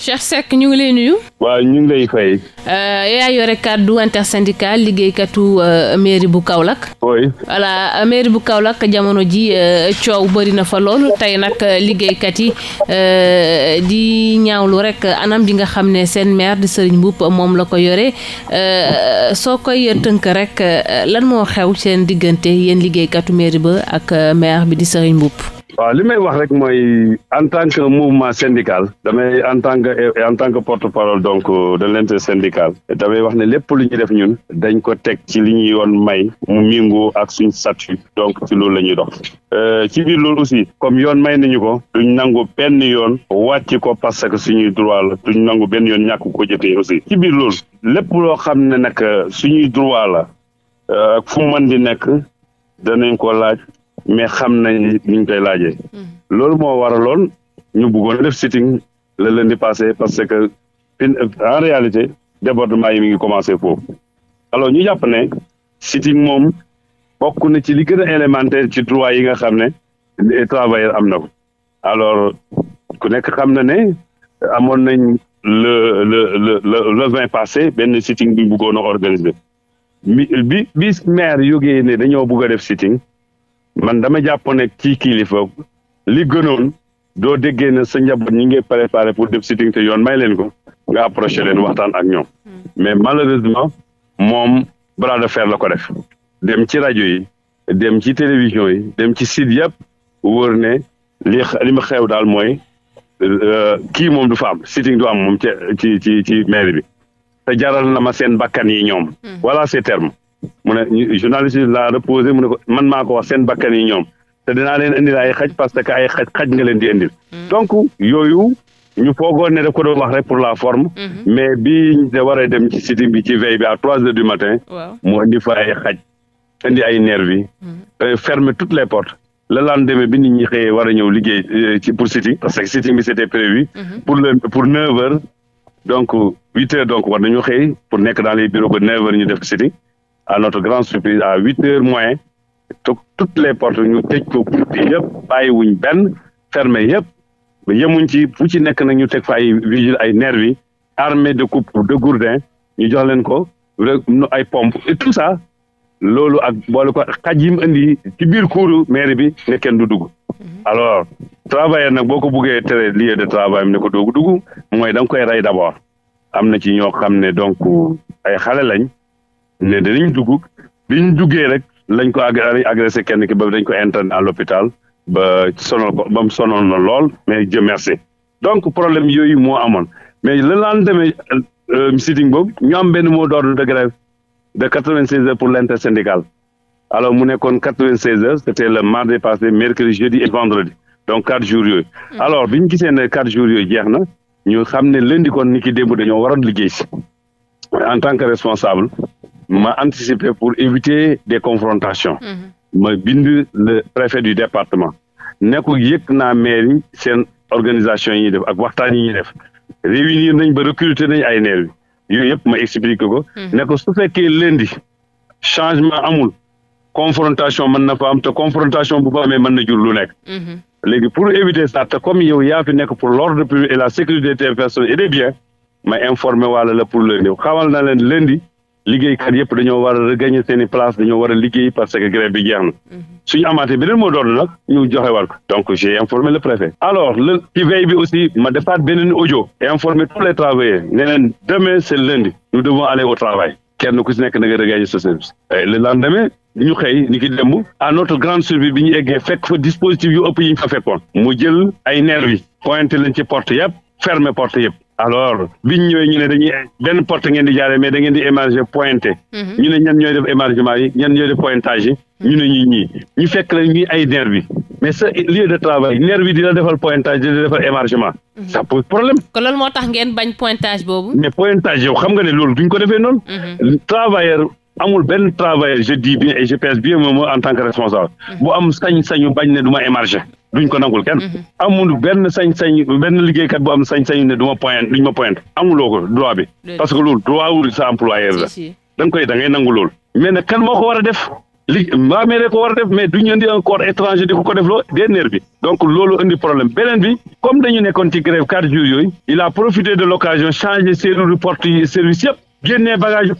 Cheikh Seck ñu ngi lay nuyu. waaw ñu ngi lay fay. Euh, yaa yore kàddu intersyndical liggéeykatu euh, mairie bu Kaolack. oui. voilà mairie bu Kaolack jamono ji euh, coow bëri na fa lool tey nag liggéeykat yi di ñaawlu rek anam bi nga xam ne seen maire di Serigne Mboup moom la ko yore soo koy tënk rek lan moo xew seen diggante yéen liggéeykatu mairie ba ak maire bi di Serigne Mboup. waaw li may wax rek mooy en tant que mouvement syndical damay en tant que en tant que porte-parole donc da euh, de l'intersyndical damay wax ne lépp lu ñu def ñun dañ ko teg ci li ñu yoon may mu mingoo ak suñ statut donc ci loolu la ñuy dox euh, ci biir loolu aussi comme yoon may nañu ko duñ nangu benn yoon wàcc ko parce que suñuy droit la duñ nangu benn yoon ñàkk ko jëfee aussi ci biir loolu lépp loo xam ne nag suñuy droit la euh, fu mën di nekk danañ ko laaj mais xam nañ niñ koy laaje mm-hmm. loolu moo lool ñu bëggoon def sitting la lundi passé parce que en réalité débordement yi mi ngi commencé foofu alors ñu jàpp ne sitting moom bokk na ci li gën a élémentaire ci droit yi nga xam ne travailleur am na ko alors ku nekk xam na ne amoon nañ le le le le le vingt passé benn sitting bi ñu bëggoon a organiser bi bi maire yógee ne dañoo bëgg a def sitting man dama jàppoon ne ci kilifa li gënoon doo déggee ne sa njaboot ñi ngi préparé pour dem sitting te yoon may leen ko nga approché leen waxtaan ak ñoom hmm. mais malheureusement moom bras de fer la ko def dem ci rajo yi dem ci télévision yi dem ci site yëpp wóor ne li li ma xew daal mooy euh, kii moom du fa am sitting du am moom ci ci ci maire bi te jaral na ma seen bakkan yi ñoom hmm. voilà ces termes mu ne journaliste yi la reposé mu ne ko man maa ko wax seen bakkan yi ñoom te dinaa leen indil ay xaj parce que ay xaj xaj nga leen di indil. Mm. donc yooyu ñu foogoon ne daf ko doon wax rek pour la forme. Mm-hmm. mais bi ñu war a dem ci sitting bi ci veille bi à trois heures du matin. mu indi fa ay xaj indi ay nervi yi. Mm-hmm. Euh, fermer toutes les portes. le lendemain bi nit ñi xëyee war a ñëw liggéey euh, ci pour sitting parce que sitting bi c'était prévu. Mm-hmm. pour le pour neuf heures. donc huit heures donc war nañu xëy pour nekk dans les bureaux ba ñu def sitting à notre grande surprise à huit heures moins toog toutes les portes ñu tëj ko buntu yëpp bàyyiwuñ benn fermé yëpp yemuñ ci fu ci nekk nag ñu teg fa ay vigile ay nervi armée de coupe de gourdin ñu jox leen ko ay pompe tout ça loolu ak boole ko xaj yi mu indi ci biir kuuru mairie bi ne kenn du dugg mhm. alors travailleur nag boo ko buggee tere lieu de travail ne ko doogu dugg mooy da nga koy rey d'abord am na ci ñoo xam ne donc ay xale lañ ne danañ dugg bi ñu duggee rek lañ ko agressé kenn ki ba dañ ko interne à l'hôpital ba sonal ko ba na lool mais Dieu merci donc problème yooyu moo amoon mais laa le lendemain euh, euh, sitting boobu ñu am benn mot d'ordre de grève de quatre-vingt-seize heures pour l'intersyndicale alors mu nekkoon quatre-vingt-seize heures c'était le mardi passé mercredi jeudi et vendredi donc quatre jours yooyu hmm. alors bi ñu gisee ne quatre jours yooyu jeex na ñu xam ne lundi kon ni ki démb dañoo war a liggéey si en tant que responsable ma anticiper pour éviter des confrontation mm-hmm. ma bind le préfet du département ne ko yëg naa maire seen organisation yi ñuy def ak waxtaan yi ñuy def réunir nañ ba recruter nañ ay maire bi yooyu yëpp ma expliquer ko mm-hmm. ne su fekkee lundi changement amul confrontation mën na fa am te confrontation bu ba amee na jur lu nekk mm-hmm. léegi pour éviter ça te comme yow yaa fi nekk pour l'ordre public et la sécurité des personnes et des biens ma informé wàlla la pour lundi xamal na leen lundi liggéeykat yëpp dañoo war a regagner seen i place dañoo war a liggéey parce que grève bi jeex na mhm. suñu amaatee beneen moo doon nag ñu joxe war ko donc j'ai informé le préfet alors le ci bi aussi ma defaat beneen ojo et informé tous les travailleurs ne leen demain c'est lundi nous devons aller au travail kenn ku si nekk na nga regagner sa service le lendemain ñu xëy ni dem démb à notre grande surprise bi ñu eggee fekk fa dispositif yu ëpp yi ñu fa fekkoon mu jël ay nervi yi pointé leen ci porte yëpp fermer porte yëpp alors biñ ñëwee ñu ne dañuy benn porte ngeen di jaare mais da ngeen di émarger pointé. Mhm. ñu ne ñan ñooy def émargement yi ñan ñooy def pointage yi. Mhm. ñu ne ñuy ñii ñu fekk la ñuy ay nervi mais sa lieu de travail nervi di la defal pointage di la defal émargement. Mhm. ça pose problème. kon loolu moo tax ngeen bañ pointage boobu. mais pointage yow xam nga ne loolu duñ ko defee noonu. travailleur amul benn travailleur je dis bien et je bien moom en tant que responsable. bu am sañ-sañu bañ ne du ma émarger. duñ ko nangul kenn. Mhm. amul benn sañ-sañ benn liggéeykat bu am sañ-sañ ne du ma point duñ ma point amuloo ko droit bi. parce que loolu droit wul sa employeur la. da nga koy da nangu loolu. mais nag moo ko war a def. li mbaa mee ko war a def mais du ñu indi un corps étranger di ko ko def loo dernier bi donc loolu indi problème beneen bi comme dañu nekkoon ci grève quatre jours yooyu il a profité de l'occasion changé serrure porte service yëpp génnee bagage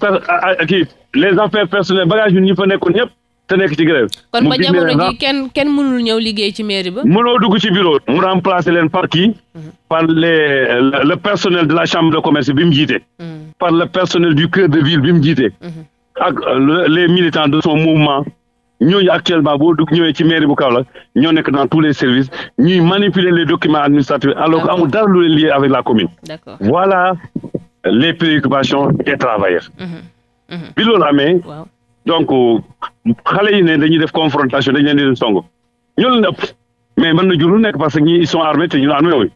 kii les affaires personnelles bagage yu ñu fa nekkoon yëpp te nekk ci grève kon ba jamono ah. kenn kenn mënul ñëw liggéey ci mairie ba. mënoo dugg ci bureau mu remplacer leen par qui. Mhm. par le personnel de la chambre de commerce bi mu jiite. Mhm. par le personnel du cœur de ville bi mu jiite. Mhm. ak euh, les militants de son mouvement. ñooñu actuellement boo dugg ñëwee ci mairie bu Kaolack ñoo nekk dans tous les services ñuy manipuler les documents administratifs alors que amul dara lu leen lié avec la commune. d'accord voilà les préoccupations des travailleurs. bi xale yi ne dañuy def confrontation dañ leen di song ñoo leen ëpp mais mën na jur lu nekk parce que ñi ils sont armés te ñun armés yooyu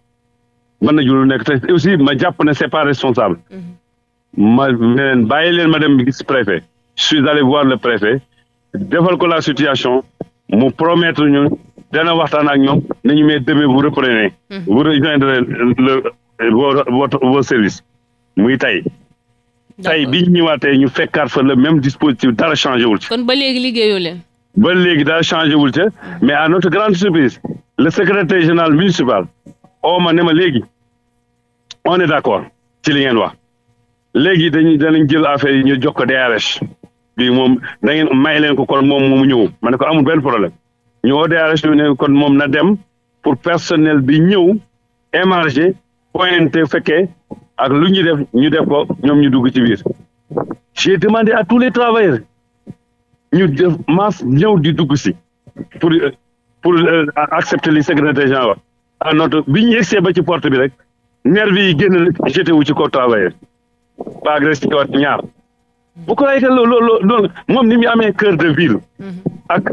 mën na jur nekk te aussi ma jàpp ne c'est pas responsable mhm. ma ne leen bàyyi leen ma dem gis préfet je suis allé voir le préfet defal ko la situation mu promettre ñu dana waxtaan ak ñoom nañu mais demee vous reprenez mhm. vous rejoindrez le vos services muy tey tey bi ñu ñëwaatee ñu fekkaat fa le même dispositif dara changé wul ci. kon ba léegi liggéeyoo leen. ba léegi dara changé wul ca mais à notre grande surprise le secrétaire général municipal oo ma ne ma léegi on est d' accord ci li ngeen wax léegi dañuy danañ jël affaire yi ñu jox ko DRH bi moom da ngeen may leen ko kon moom mu ñëw ma ne ko amul benn problème ñu woo DRH bi ne kon moom na dem pour personnel bi ñëw émarger pointé fekkee ak lu ñu def ñu def ko ñoom ñu dugg ci biir j'ai demandé à tous les travailleurs ñu def masse ñëw di dugg si pour euh, pour euh, accepter li secrétaire général wax à notre bi ñu egsee ba ci porte bi rek nervi yi génn jeté wu ci ko travailleur ba agressé ñaar bu ko layte loolu loolu moom ni mu amee cœur de ville mm-hmm. ak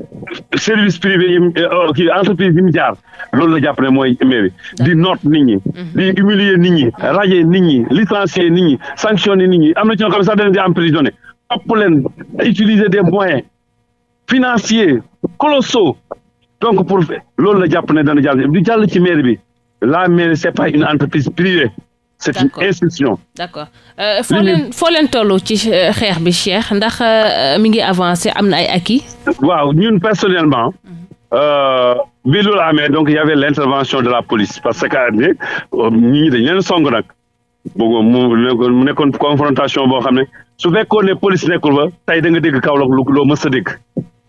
service privé yi euh, kii entreprise yi mu jaar loolu la jàpp ne mooy mairie di noot nit ñi mm-hmm. di humilier nit ñi mm-hmm. raje nit ñi licencier nit ñi sanctionner nit ñi am na ci ñoo xam ne sax dañu di emprisonné topp leen utiliser des moyens financiers colossaux donc pour loolu la jàpp ne dana jàll di jàll ci mairie bi la mairie c'est pas une entreprise privée c'est une institution. d'accord euh, foo leen foo leen toll ci euh, xeex bi Cheikh ndax euh, mi ngi avancé am na ay acquis. waaw ñun personnellement. Mhm. bi loolu amee donc il y avait l'intervention de la police parce que nit ñi dañ leen song nag boobu mu nekkoon confrontation boo xam ne su fekkoon ne police nekkul ba tey da nga dégg Kaolack loo mës dégg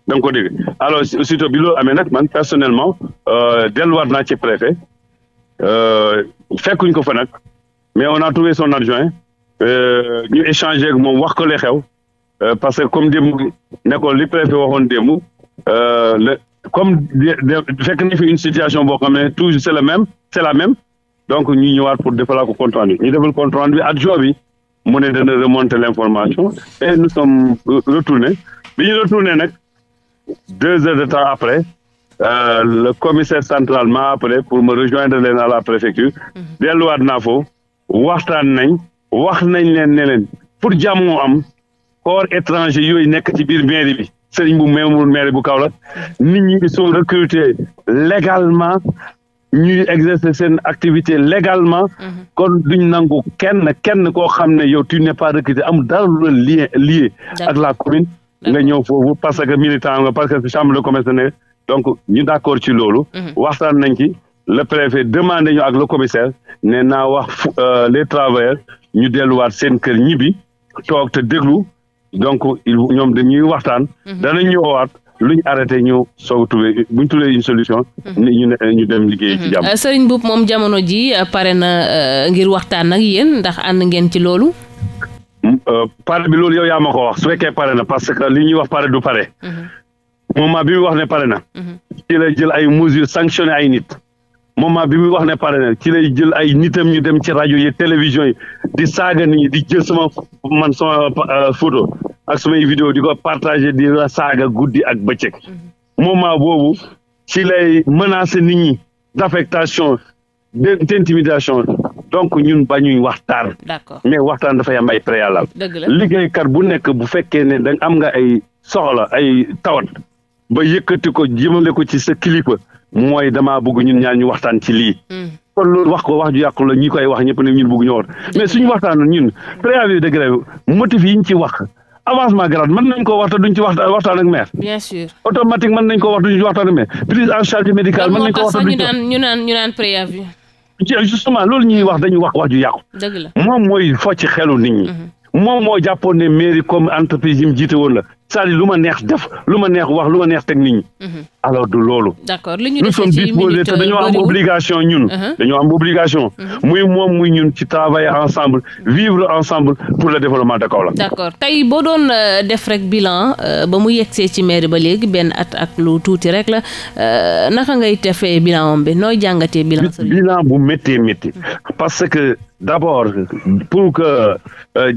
da nga ko dégg alors aussitôt bi loolu amee nag man personnellement delluwaat naa ci préfet fekkuñ ko fa nag. mais on a trouvé son adjoint euh, ñu échanger ak moom wax ko li xew euh, parce que comme démb ne ko li préfet waxoon démb euh, le comme fekk na fi une situation boo xam toujours c'est le même c'est la même donc ñu ñëwaat pour defalaa ko compte rendu ñu defal compte rendu bi adjoint bi mu ne dana remonter l'information et nous sommes retournés bi ñu retourné deux heures de temps après euh, le commissaire central m'a appelé pour me rejoindre leen à la préfecture mm-hmm. delluwaat waxtaan nañ wax nañ leen ne leen pour jàmm am corps étranger yooyu nekk ci biir mairie bi sëriñ bu memul mairie bu Kaolack nit ñi soo sont recrutés légalement ñuy exercer seen activité légalement mhm. kon duñ nangu kenn kenn koo xam ne yow tu n'es pas recruté am dara lu lien lié ak la commune nga ñëw foofu parce que militant nga parce que chambre de commerce ne donc ñu d'accord ci loolu mhm. waxtaan nañ ci le préfet demandé ñu ak le commissaire ne naa wax euh, les travailleurs ñu delluwaat seen kër ñibbi toog te déglu donc ñoom dañuy waxtaan. Mhm. danañ ñëwaat luñ arrêté ñu soog a trouvé buñ trouvé une solution. Mhm. ñu ne ñu dem liggéey ci mhm. jàmm. Euh, Serigne moom jamono ji euh, pare na ngir waxtaan ak yéen ndax ànd ngeen ci loolu. Mm, pare bi loolu yow yaa ma ko wax su fekkee pare na parce que li ñuy wax pare du pare. moment bi mu wax ne pare na. ci la jël ay mesures sanctionné ay nit. moment bi muy wax ne pare na ci lay jël ay nitam ñu dem ci rajo yi télévision yi di saaga nit di jël sama man sama euh, photo ak samay vidéo di ko partagé di la saaga guddi ak bëccëg mhm. moment boobu ci lay menacé nit ñi d'affectation d'intimidation donc ñun bañuy waxtaan. d'accord mais waxtaan dafay am ay préalable. dëgg la liggéeykat bu nekk bu fekkee ne da am nga ay soxla ay tawat ba yëkkati ko jëmale ko ci sa kilifa. mooy damaa bëgg ñun ñaar ñu waxtaan ci lii. Hmm. kon loolu wax ko wax ju yàqu la ñi koy wax ñëpp ne ñun bëgg ñoo war hmm. mais suñu waxtaan ñun préavis de grève motif yi ñu ci wax avancement grade man nañ ko waxta duñ ci waxta waxtaan ak mee bien sûr automatique mën ko wax duñ ci waxtaan ak maire prise en charge médicale mën nañ ko waxta duñ ñu naan ñu naan préavis. justement loolu ñuy wax dañuy wax wax ju yàqu. dëgg la moom mooy focc xelu nit ñi. Hmm. moom moo jàppoon ne mairie comme entreprise yi mu jiite woon la cest lu ma neex def lu ma neex wax lu ma neex teg nit ñi mhm. du loolu nous sommes disposés te euh, mhm. dañoo am obligation ñun dañoo am obligation muy moom muy ñun ci travailler ensemble vivre ensemble pour le développement de Kaolack d'accord tey boo doon euh, def rek bilan euh, ba mu yegsee ci maire ba léegi benn at ak lu tuuti rek la naka ngay defee bilan moom bi nooy jàngatee bilan bilan bu méttee métti parce que d'abord pour que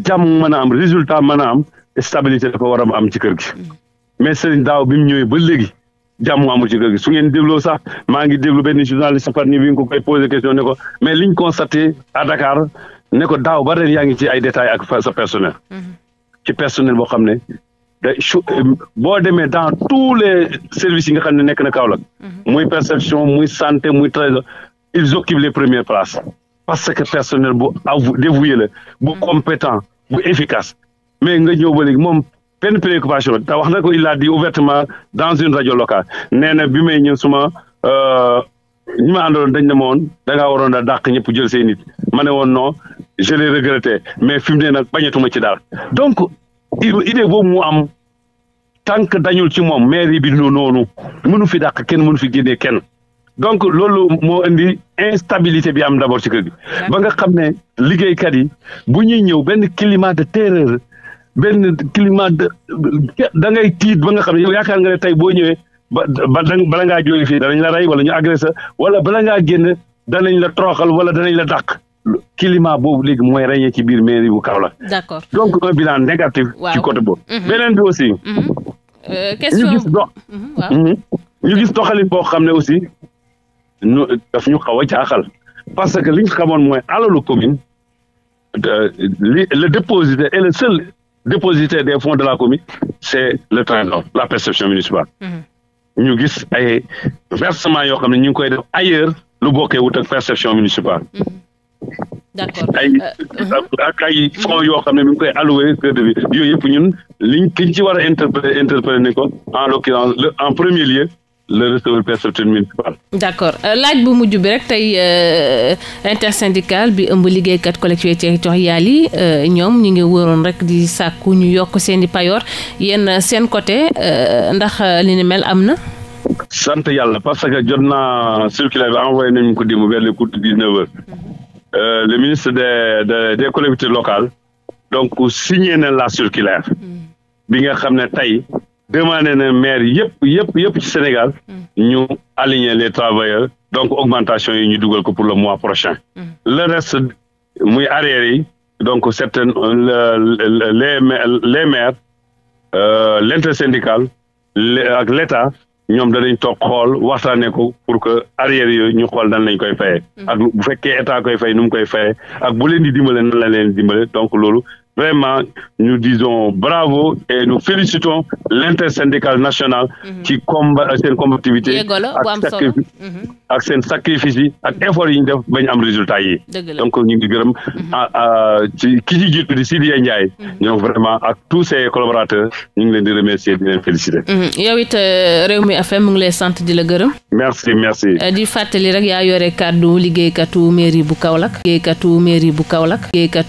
jàmm mën am résultat mën a am stabilité dafa war a am ci kër gi mais sëriñ daaw bi mu ñëwee ba léegi jàmm amul ci kër gi su ngeen dégloo sax maa ngi déglu benn journaliste par ni bi ko koy posé question ne ko mais liñ constaté à Dakar ne ko daaw ba ren yaa ngi ci ay détails ak sa personnel ci personnel boo xam ne boo demee dans tous les services yi nga xam ne nekk na Kaolack muy perception muy santé muy trésor ils occupent les premières places parce que personnel bu avou dévoué la bu compétent bu efficace mais nga ñëw ba léegi moom benn préoccupation te wax na ko il a ouvertement dans une radio locale nee na bi may ñëw suma euh, ñi ma àndaloon dañ ne ma woon da ngaa waroon a dàq ñëpp jël say nit ma ne woon non je l'ai regretté mais fi mu ne nag bañatuma ci daal donc idée boobu mu am tant que dañul ci moom mairie bi noonu noonu mënu fi dàq kenn mënu fi génnee kenn donc loolu moo indi instabilité bi am d'abord ci kër gi ba nga xam ne liggéeykat yi bu ñuy ñëw benn climat de terreur benn climat de da ngay tiit ba nga xam ne yow yaakaar nga ne tey boo ñëwee ba ba bala ngaa jóge fii danañ la rey wala ñu agressé wala bala ngaa génn danañ la troxal wala danañ la dàq. climat boobu léegi mooy ràññee ci biir mairie bu Kaolack. d'accord donc un bilan négatif. ci côté boobu. Mhm. beneen bi aussi. Mhm. Euh, question ñu gis dox. Mhm, ñu doxalin boo xam ne aussi ñu daf ñu xaw a jaaxal parce que li xamoon mooy alalu commune li le dépositaire est seul dépositaire des fonds de la commune c'est le Trésor la perception municipale mhm. ñu gis ay versement yoo xam ne ñu ngi koy def ailleurs lu bokkee wut ak perception municipale mhm. ay euh, mhm. ak ay fonds yoo xam ne mi ngi koy alloué cœur de ville yooyu yëpp ñun liñ ki ci war a interpellé ni ko en l'occurrence en premier lieu le receveur percepteur accord euh, laaj bu mujj bi rek tey euh, intersyndical bi ëmb liggéeykat collectivités territoriales yi euh, ñoom ñu ngi wëroon rek di sàkku ñu yokk seen i payoor yéen seen côté ndax li ni mel am na. sant yàlla parce que jot na circulaire bi envoyé nañu ko di vers les coups de le ministre de des des collectivités locales donc signé na la circulaire. Mm. bi nga xam ne tey demandé na maire yëpp yëpp yëpp ci Sénégal ñu aligner les travailleurs donc augmentation yi ñu dugal ko pour le mois prochain le reste muy arrière yi donc certaines les les maires euh, l'intersyndicale ak l'État ñoom danañ toog xool waxtaanee ko pour que arrière yooyu ñu xool nan nañ koy fayee ak bu fekkee état koy fay nu mu koy fayee ak bu leen di dimbale nan la leen dimbale donc loolu Vraiment, nous disons bravo et nous félicitons l'intersyndicale national ci mhm. combat seen combativité mhm. ak seen sacrifice ak effort yi ñu def bañ am résultat yi donc ñu ngi gërëm mhm. ci ki ci jiitu di Sidya Ndiaye ñoom vraiment ak tous ses collaborateurs ñu ngi leen di remercier di leen féliciter yow it euh, Rewmi FM mu ngi lay sant di la gërëm merci merci euh, di fàttali rek yaa yore kàddu liggéeykatu mairie bu Kaolack liggéeykatu mairie bu Kaolack liggéeykatu